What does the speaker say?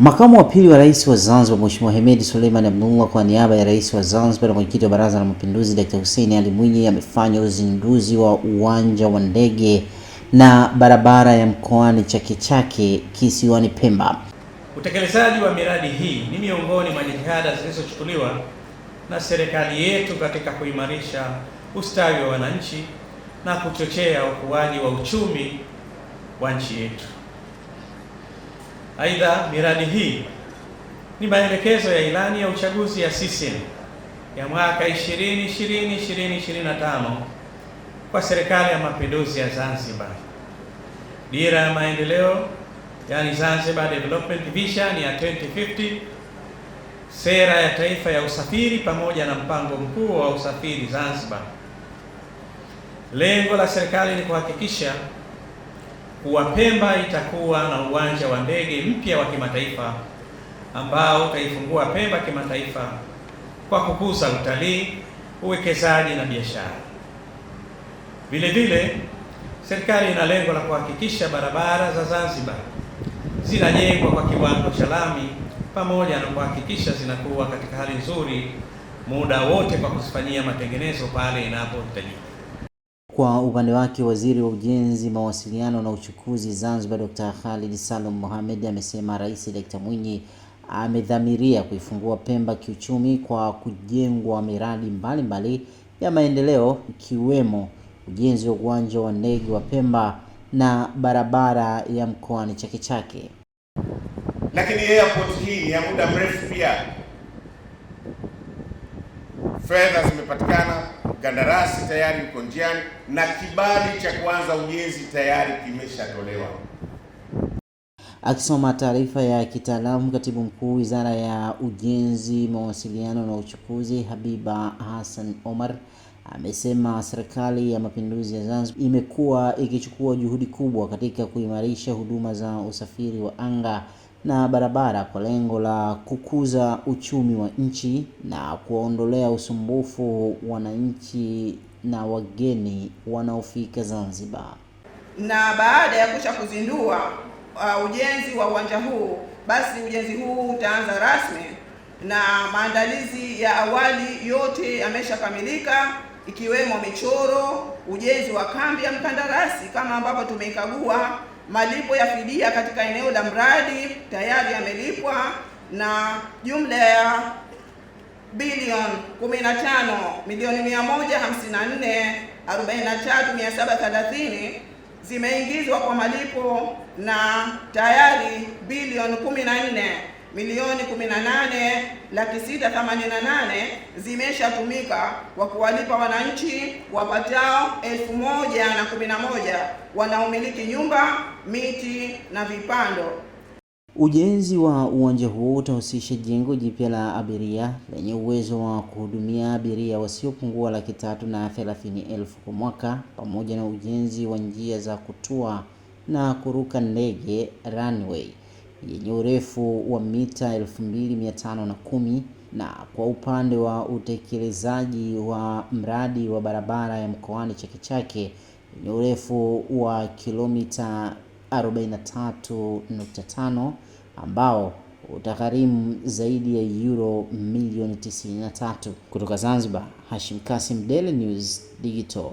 Makamu wa pili wa Rais wa Zanzibar Mheshimiwa Hemedi Suleiman Abdullah kwa niaba ya Rais wa Zanzibar na Mwenyekiti wa Baraza la Mapinduzi Dr. Hussein Ali Mwinyi amefanya uzinduzi wa uwanja wa ndege na barabara ya mkoani Chake Chake kisiwani Pemba. Utekelezaji wa miradi hii ni miongoni mwa jitihada zilizochukuliwa na serikali yetu katika kuimarisha ustawi wa wananchi na kuchochea ukuaji wa uchumi wa nchi yetu. Aidha, miradi hii ni maelekezo ya ilani ya uchaguzi ya CCM ya mwaka 2020 2025 kwa serikali ya mapinduzi ya Zanzibar. Dira ya maendeleo yani Zanzibar Development Vision ya 2050, sera ya taifa ya usafiri pamoja na mpango mkuu wa usafiri Zanzibar. Lengo la serikali ni kuhakikisha kuwa Pemba itakuwa na uwanja wa ndege mpya wa kimataifa ambao utaifungua Pemba kimataifa kwa kukuza utalii, uwekezaji na biashara. Vile vile, serikali ina lengo la kuhakikisha barabara za Zanzibar zinajengwa kwa kiwango cha lami pamoja na kuhakikisha zinakuwa katika hali nzuri muda wote kwa kuzifanyia matengenezo pale inapohitajika. Kwa upande wake waziri wa ujenzi, mawasiliano na uchukuzi Zanzibar Dr. Khalid Salum Mohamed amesema Rais Dr. Mwinyi amedhamiria kuifungua Pemba kiuchumi kwa kujengwa miradi mbalimbali mbali ya maendeleo ikiwemo ujenzi wa uwanja wa ndege wa Pemba na barabara ya mkoani Chake Chake. Lakini airport hii ya muda mrefu, pia fedha zimepatikana mkandarasi tayari uko njiani na kibali cha kwanza ujenzi tayari kimeshatolewa. Akisoma taarifa ya kitaalamu, katibu mkuu wizara ya Ujenzi, Mawasiliano na Uchukuzi Habiba Hassan Omar amesema serikali ya mapinduzi ya Zanzibar imekuwa ikichukua juhudi kubwa katika kuimarisha huduma za usafiri wa anga na barabara kwa lengo la kukuza uchumi wa nchi na kuwaondolea usumbufu wananchi na wageni wanaofika Zanzibar. Na baada ya kucha kuzindua uh, ujenzi wa uwanja huu, basi ujenzi huu utaanza rasmi na maandalizi ya awali yote yameshakamilika ikiwemo michoro, ujenzi wa kambi ya mkandarasi kama ambavyo tumeikagua Malipo ya fidia katika eneo la mradi tayari yamelipwa na jumla ya bilioni 15 milioni 154,43730 zimeingizwa kwa malipo na tayari bilioni 14 milioni 18 laki sita zimeshatumika kwa kuwalipa wananchi wapatao elfu moja na moja wanaomiliki nyumba, miti na vipando. Ujenzi wa uwanja huo utahusisha jengo jipya la abiria lenye uwezo wa kuhudumia abiria wasiopungua laki tatu na thelathini elfu kwa mwaka pamoja na ujenzi wa njia za kutua na kuruka ndege runway yenye urefu wa mita 2510 na kwa upande wa utekelezaji wa mradi wa barabara ya mkoani Chake Chake yenye urefu wa kilomita 43.5 ambao utagharimu zaidi ya euro milioni 93. Kutoka Zanzibar, Hashim Kasim, Daily News Digital.